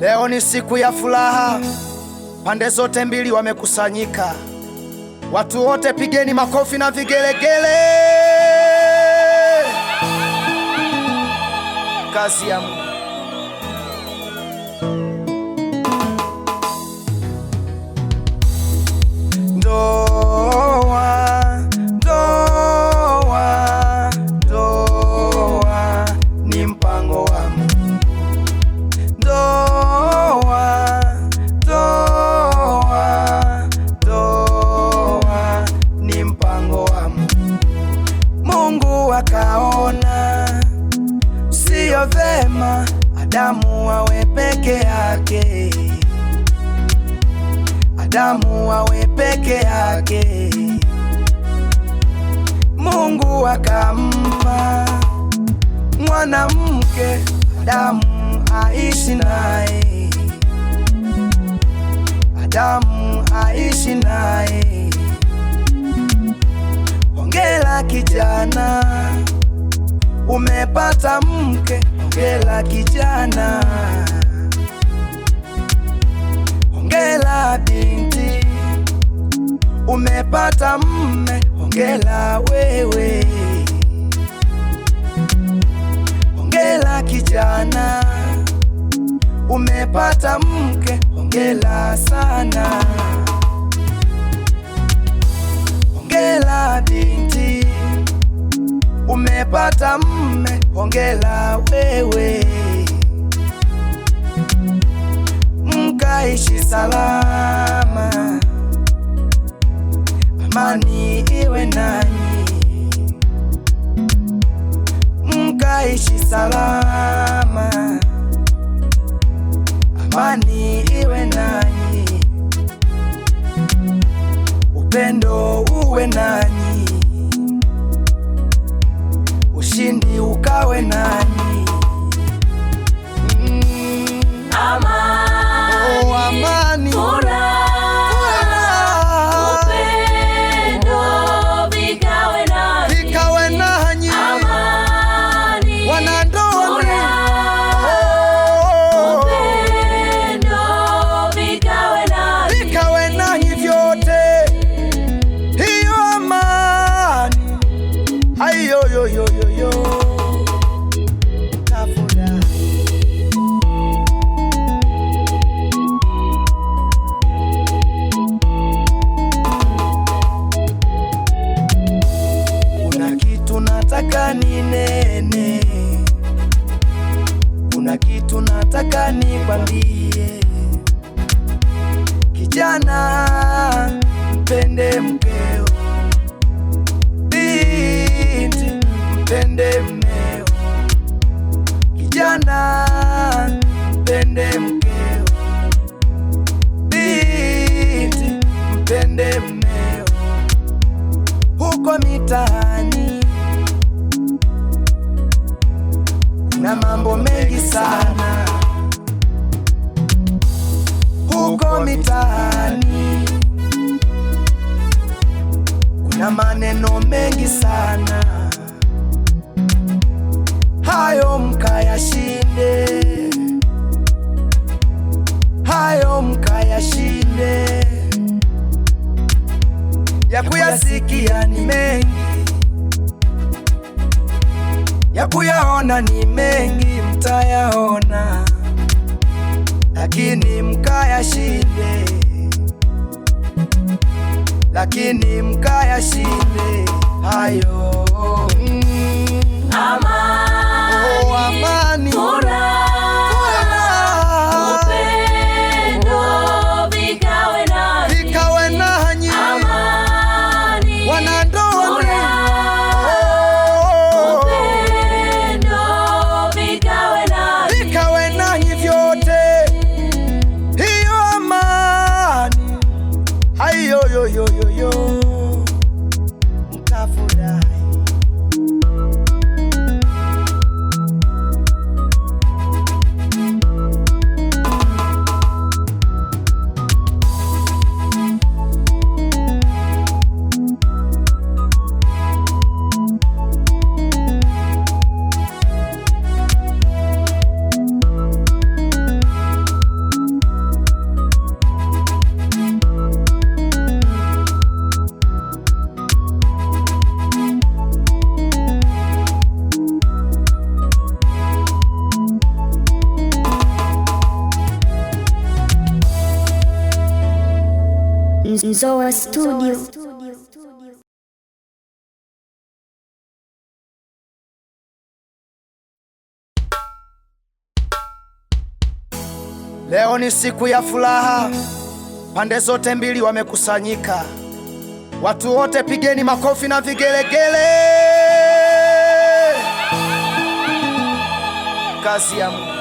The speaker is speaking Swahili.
Leo ni siku ya furaha, pande zote mbili wamekusanyika. Watu wote pigeni makofi na vigelegele. Kazi ya Mungu. sio vema Adamu awe peke yake, Adamu awe peke yake. Mungu akampa mwanamke Adamu aishi naye, Adamu aishi naye. Hongera kijana, umepata mke Hongera kijana, hongera binti, umepata mme. Hongera wewe, hongera kijana, umepata mke. Hongera sana, hongera binti, umepata mme hongela wewe, mkaishi salama, amani iwe nanyi, mkaishi salama, amani kuna kitu nataka nikwambie, kijana, mpende mkeo, binti, mpende mmeo, kijana, mpende mkeo, binti, mpende mmeo, huko mitaani na mambo sana huko mitaani, kuna maneno mengi sana hayo mkayashini ya kuyaona ni mengi, mtayaona lakini mkayashinde, lakini mkayashinde hayo Nzoa Studio. Leo ni siku ya furaha, pande zote mbili wamekusanyika. Watu wote pigeni makofi na vigelegele. Kazi ya Mungu.